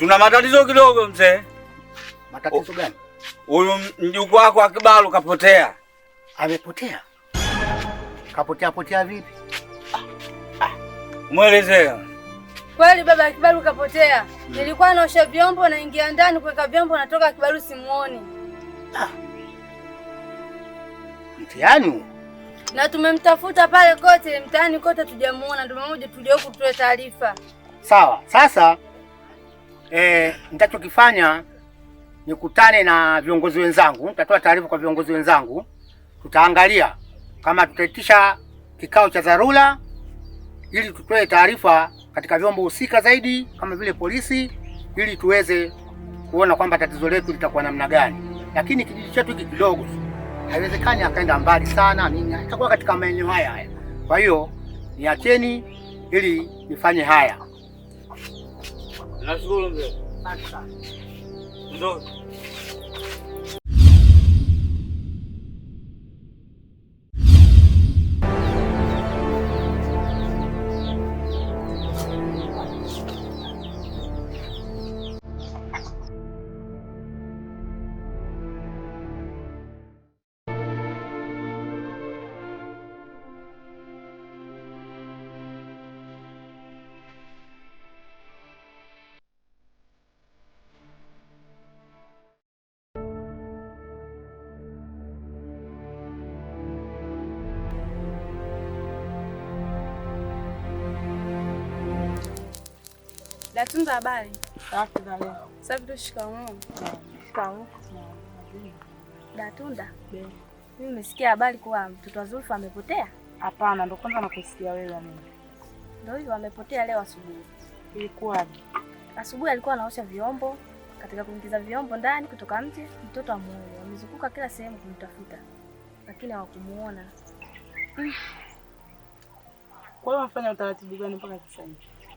Tuna matatizo kidogo mzee. Matatizo gani? Huyu mjukuu wako Akibalu kapotea. Amepotea? Kapotea potea vipi? Mwelezea. Kweli baba, Akibalu kapotea. Hmm. Nilikuwa naosha vyombo, naingia ndani kuweka vyombo, natoka Akibalu simuoni. Ah. Mtihani na tumemtafuta pale kote mtaani kote, tujamuona. Ndio maana tulio kutoa taarifa. Sawa, sasa eh, nitachokifanya nikutane na viongozi wenzangu, nitatoa taarifa kwa viongozi wenzangu, tutaangalia kama tutaitisha kikao cha dharura ili tutoe taarifa katika vyombo husika zaidi kama vile polisi, ili tuweze kuona kwamba tatizo letu litakuwa namna gani. Lakini kijiji chetu hiki kidogo, haiwezekani akaenda mbali sana, nini itakuwa katika maeneo haya haya. Kwa hiyo niacheni ili nifanye haya. Nasıl oldu? Bak bak. Dur. Yatunza, habari? Safi. Shikamoo. Shikamoo. Datunda, mimi nimesikia habari kuwa mtoto wa Zulfa amepotea. Hapana, ndo kwanza nakusikia wewe. Mimi ndo hivyo, amepotea leo asubuhi. Ilikuwaje? Asubuhi alikuwa anaosha vyombo, katika kuingiza vyombo ndani kutoka nje, mtoto amuone. Wamezunguka kila sehemu kumtafuta, lakini hawakumuona. Kwa hiyo wafanya utaratibu gani mpaka sasa hivi?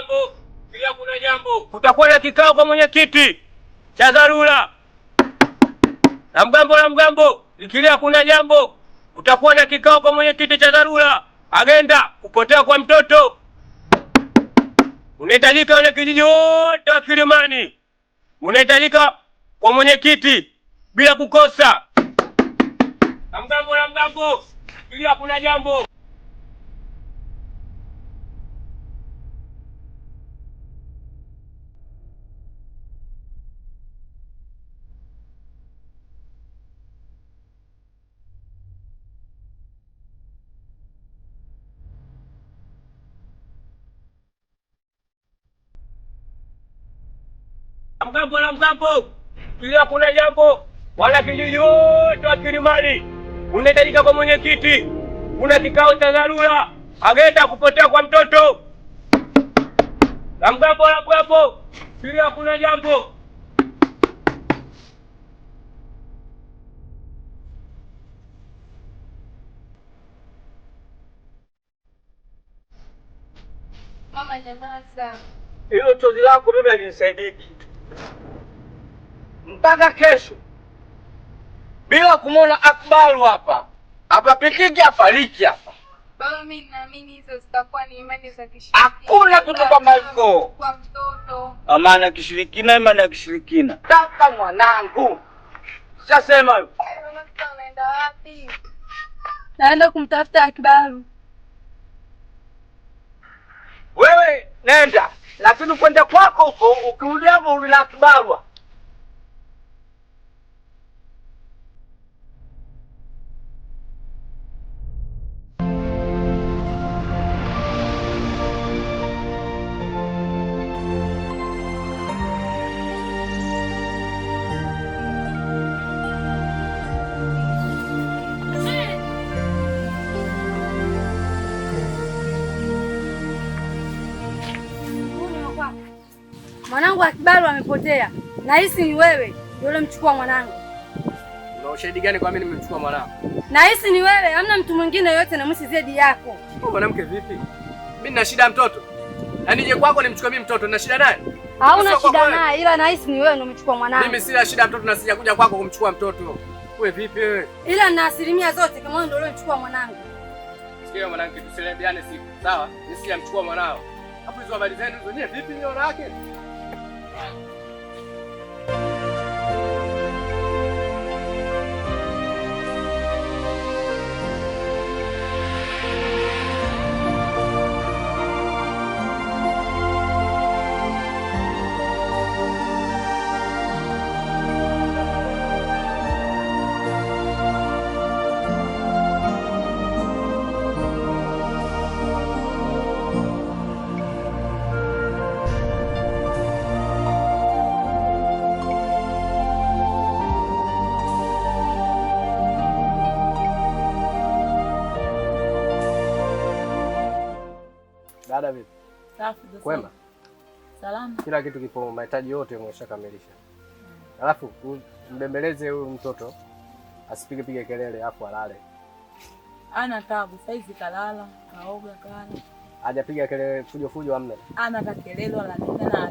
mipango bila kuna jambo. Kutakuwa na kikao kwa mwenyekiti cha dharura na mgambo na mgambo, ikilia kuna jambo. utakuwa na kikao kwa mwenyekiti cha dharura. Agenda kupotea kwa mtoto unahitajika, wana kijiji wote wa Kilimani unahitajika kwa mwenyekiti bila kukosa. Na mgambo na mgambo, ikilia kuna jambo. Mgambo na mgambo kila kuna jambo wanakijiji wote wa Kilimani unahitajika kwa mwenyekiti. Kuna kikao cha dharura, agenda kupotea kwa mtoto na mgambo na mgambo kila kuna jambo Mama, hilo chozi lako mimi alinisaidiki mpaka kesho bila kumwona Akbaru hapa hapapitiki, hapariki hapa. Hakuna kitu kama hiko, amana kishirikina, imani ya kishirikina. Kaka mwanangu, sasema naenda kumtafuta Akbaru. Wewe nenda, lakini kwenda kwako huko, ukiuliavo na Akbaru mwanangu Akibalo amepotea, nahisi ni wewe ndio ulimchukua mwanangu. Una ushahidi gani kwa mimi nimemchukua mwanangu? Nahisi ni wewe, hamna mtu mwingine yoyote na msi zaidi yako. Mwanamke vipi? Mimi nina shida mtoto. Na nije kwako nimchukue mimi mtoto, nina shida naye? Hauna shida naye, ila nahisi ni wewe ndio umechukua mwanangu. Mimi sina shida mtoto na sijakuja kwako kumchukua mtoto. Wewe vipi wewe? Ila na asilimia zote kama wewe ndio uliomchukua mwanangu. Sikia mwanamke, tuselebiane siku. Sawa? Mimi sijamchukua mwanao. Hapo hizo habari zenu zenyewe vipi ni yake? 了。Dada vipi? Safi sasa. Kwema? Salama. Kila kitu kipo, mahitaji yote umeshakamilisha. Alafu mbembeleze huyu mtoto asipige pige kelele hapo alale. Ana tabu, saizi kalala, kaoga, kana. Hajapiga kelele fujo fujo amna. Ana kelele wala tena.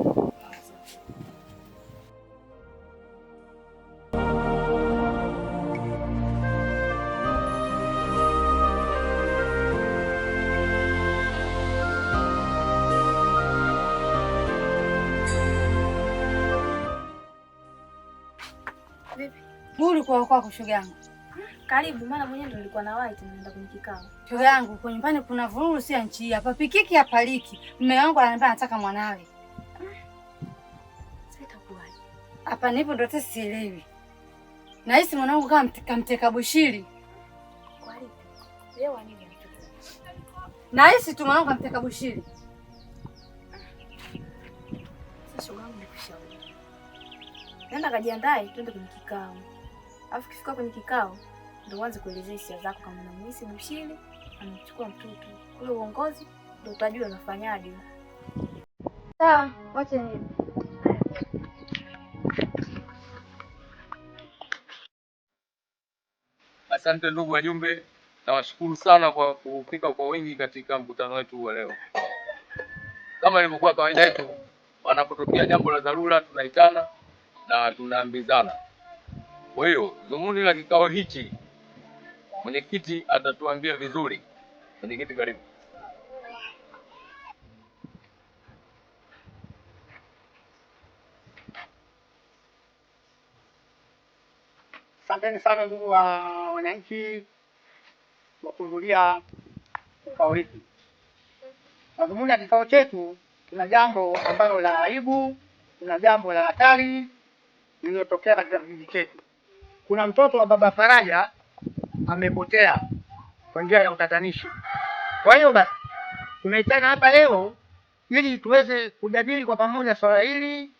Nzuri kwa kwako, shoga yangu? Karibu, maana mwenyewe ndo nilikuwa na waiti naenda kwenye kikao. Shoga yangu, kwa nyumbani kuna vururu, si ya nchi hii. Hapa pikiki hapaliki. Mume wangu ananiambia anataka mwanawe. Sitakuwaje? Hapa nipo ndo tesi sielewi. Nahisi mwanangu kama kamteka bushiri. Kwa nini? Leo nini na hisi tu mwanangu kamteka bushiri. Sasa shoga yangu nikushauri. Nenda kajiandae twende kwenye kikao. Alafu kifika kwenye kikao ndio uanze kuelezea hisia zako, kama unamhisi mshili anachukua mtoto kule. Uongozi ndio utajua unafanyaje. Sawa, wacha ni Asante ndugu wajumbe, nawashukuru sana kwa kufika kwa wingi katika mkutano wetu wa leo. Kama ilivyokuwa kawaida yetu, wanapotokea jambo la dharura, tunaitana na tunaambizana kwa hiyo dhumuni la kikao hichi, mwenyekiti atatuambia vizuri. Mwenyekiti, karibu. Asanteni sana ndugu wa wananchi wa kuhudhuria kikao hiki. Madhumuni ya kikao chetu, kuna jambo ambalo la aibu, kuna jambo la hatari lililotokea katika kijiji chetu kuna mtoto wa baba Faraja amepotea kwa njia ya utatanishi. Kwa hiyo basi tumeitana hapa leo ili tuweze kujadili kwa pamoja swala hili,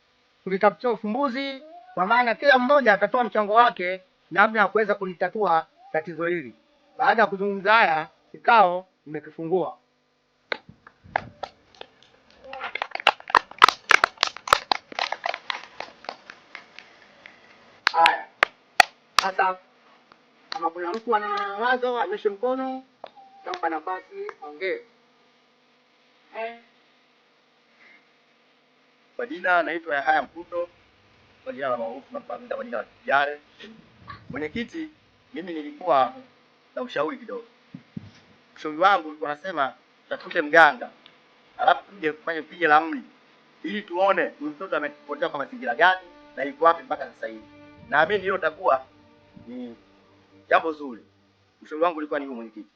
tulitafutia ufumbuzi, kwa maana kila mmoja atatoa mchango wake namna ya kuweza kulitatua tatizo hili. Baada ya kuzungumza haya, kikao nimekifungua. Haya. Hata kama kuna mtu ana wazo anyoshe mkono, tampa nafasi ongee. Eh. Kwa jina anaitwa Yahaya Mkundo, kwa jina la maarufu nafahamika kwa jina la Kijare. Mwenyekiti, mimi nilikuwa na ushauri kidogo. Ushauri wangu wanasema tutafute mganga alafu tuje kufanya piga la mli ili tuone mtoto amepotea kwa mazingira gani na yuko wapi mpaka sasa hivi. Naamini hiyo itakuwa Mm. Jambo zuri. Ushauri wangu ulikuwa ni huu mwenyekiti.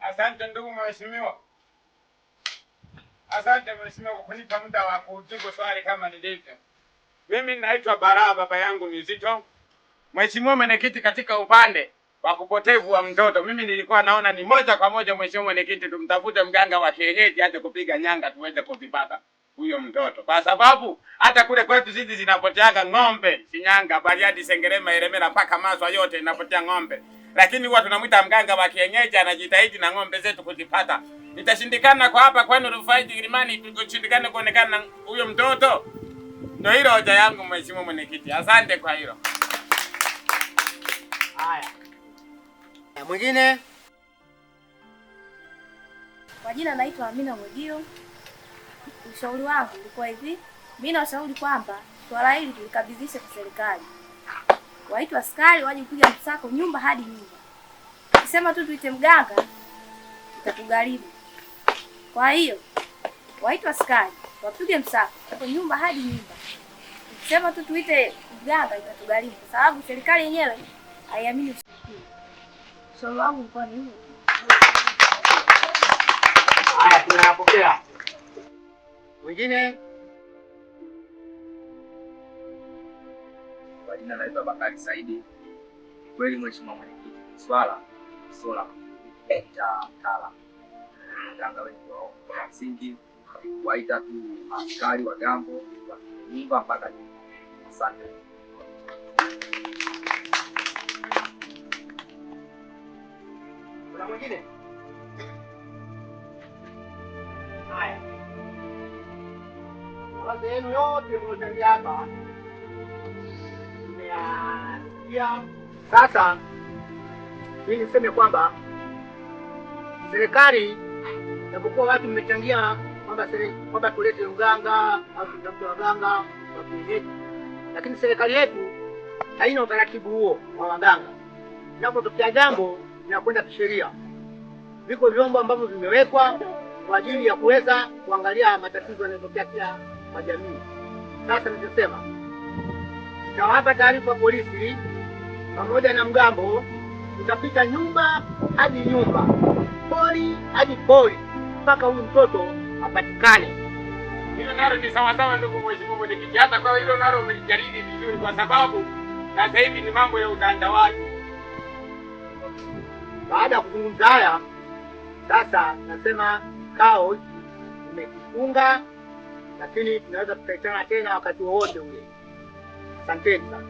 asante. ndugu mheshimiwa. Asante mheshimiwa kwa kunipa muda wa kujibu swali kama nilivyo. Mimi naitwa Baraba, baba yangu ni Zito. Mheshimiwa mwenyekiti, katika upande wa kupotevu wa mtoto. Mimi nilikuwa naona ni moja kwa moja, mheshimiwa mwenyekiti, tumtafute mganga wa kienyeji aje kupiga nyanga tuweze kuzipata huyo mtoto, kwa sababu hata kule kwetu sisi zinapoteaga ng'ombe Shinyanga, Bariadi, Sengerema, Iremera mpaka Maswa yote inapotea ng'ombe, lakini huwa tunamwita mganga wa kienyeji, anajitahidi na ng'ombe zetu kuzipata. Nitashindikana kwa hapa kwenu Rufai Kilimani, tukushindikane kuonekana huyo mtoto. Ndio hilo hoja yangu, mheshimiwa mwenyekiti, asante kwa hilo. Haya na mwingine kwa jina naitwa Amina Mwegio. Ushauri wangu ulikuwa hivi, mimi nashauri kwamba swala hili tulikabidhishe kwa serikali, waitwa askari waje kupiga msako nyumba hadi nyumba. Ukisema tu tuite mganga itatugharimu. Kwa hiyo waitwa askari wapige msako nyumba hadi nyumba. Ukisema tu tuite mganga itatugharimu, kwa sababu serikali yenyewe haiamini. Somo wangu kwa ni Haya, tunayapokea. Mwingine? Kwa jina naitwa Bakari Saidi. Kweli mheshimiwa mwenyekiti, swala sola ta tala mganga wetu wa msingi waita tu askari wa gambo wa nyumba mpaka asante. mwingine. Haya, sasa yenu yote mlochangia hapa nimeyasikia. Sasa mi niseme kwamba serikali napokuwa watu mmechangia kwamba kwamba tulete uganga au tutafute waganga wa kienyeji, lakini serikali yetu haina utaratibu huo wa waganga. Inapotokea jambo inakwenda kisheria. Viko vyombo ambavyo vimewekwa kwa ajili ya kuweza kuangalia matatizo yanayotokea kila kwa jamii. Sasa nilichosema, tawapa taarifa polisi pamoja na mgambo, tutapita nyumba hadi nyumba, poli hadi poli mpaka huyu mtoto apatikane. Hilo nalo ni sawasawa, ndugu mheshimiwa mwenyekiti, hata kwa hilo nalo umejaribu vizuri, kwa sababu sasa hivi ni mambo ya utandawazi. Baada ya kuzungumza haya, sasa nasema kao umekifunga, lakini tunaweza tukaitana tena wakati wowote ule. Asanteni sana.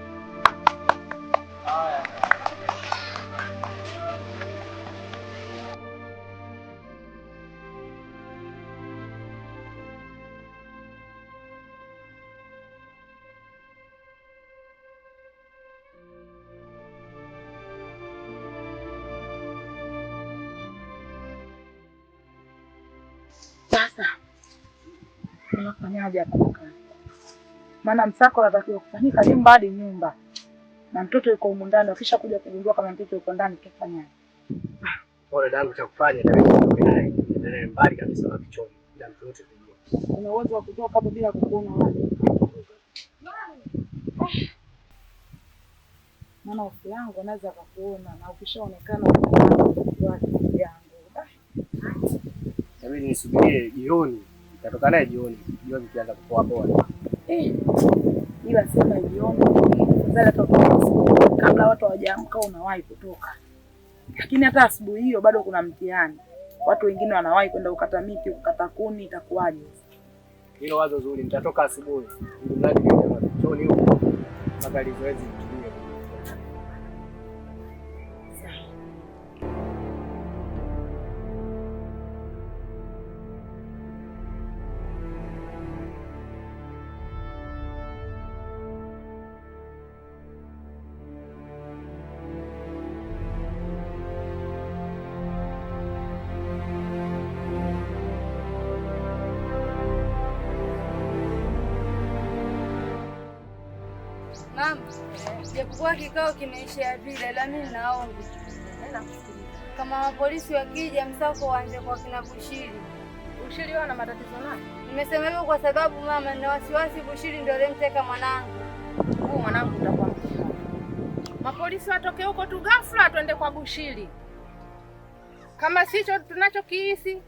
Sasa unafanyaje hapa kaka? Maana msako unatakiwa kufanyika si mbali nyumba na mtoto yuko humu ndani, wakisha kuja kugundua kama mtoto yuko ndani tutafanyaje? Pole dangu, cha kufanya ndio mbali kabisa na kichomi, bila mtoto kujua. Una uwezo wa kutoka hapo bila kukuona wale. Maana hofu yangu anaweza akakuona na ukishaonekana yangu Nabidi nisubirie jioni, nitatoka naye jioni, jioni kianza kupoa poa. Eh, ila sema jioni kabla watu hawajaamka unawahi kutoka, lakini hata asubuhi hiyo bado kuna mtihani. Watu wengine wanawahi kwenda kukata miti, kukata kuni, itakuwaje? Hilo wazo zuri, nitatoka asubuhi mpaka lizoezi nafahamu, japokuwa kikao kimeisha vile, la mimi naomba kama mapolisi wakija, msako uanze kwa kina Bushiri. Bushiri wana matatizo naye. Nimesema hivyo kwa sababu mama, na wasiwasi Bushiri ndio alimteka mwanangu. Huu mwanangu utakuwa mapolisi watoke huko tu ghafla, twende kwa Bushiri kama sicho tunachokihisi,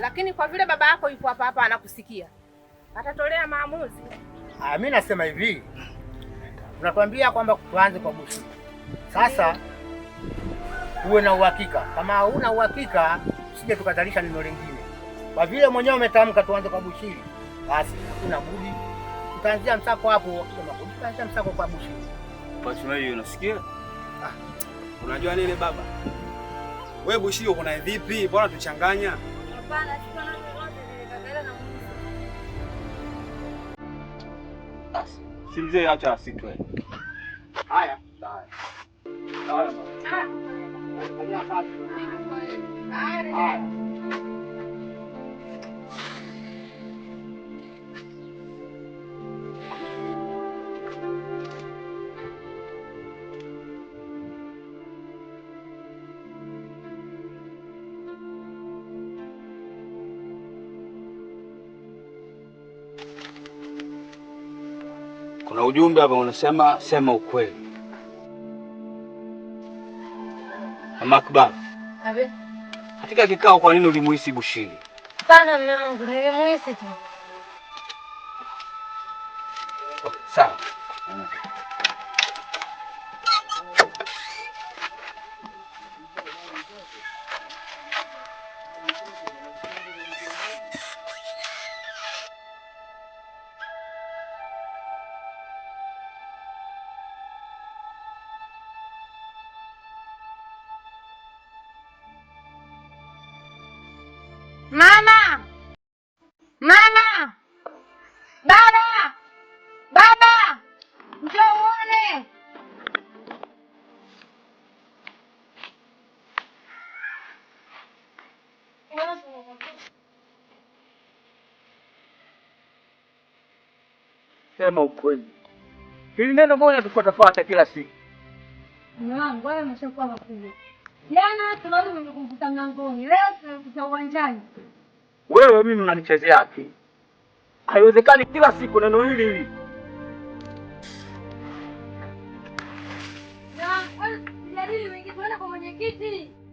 lakini kwa vile baba yako yuko hapa hapa anakusikia, atatolea maamuzi. Ah, mimi nasema hivi unatuambia kwamba tuanze kwa busu. Sasa uwe na uhakika, kama huna uhakika usije tukazalisha neno lingine. Kwa vile mwenyewe umetamka tuanze kwa bushiri, basi hakuna budi tutaanzia msako hapo, tutaanzia msako kwa bushiri. Pachunai, unasikia? Ah, unajua nini baba, we bushiri uko na vipi? Bora tuchanganya. Hapana. Si mzee acha asitwe. Haya. Haya. Kuna ujumbe hapa unasema sema ukweli. Makba. Abe. Katika kikao kwa nini ulimuhisi Bushiri? Hapana Sana mwanangu, nilimuhisi tu. Oh, sawa. Sema ukweli. Hili neno moja tulikuwa tufuata kila siku. Mwanangu, wewe umeshakuwa mkubwa. Jana tunaona mmekukuta mlangoni, leo tunakuta uwanjani. Wewe mimi unanichezea haki. Haiwezekani kila siku neno hili hili. Na, wewe jaribu mwingine mwenyekiti.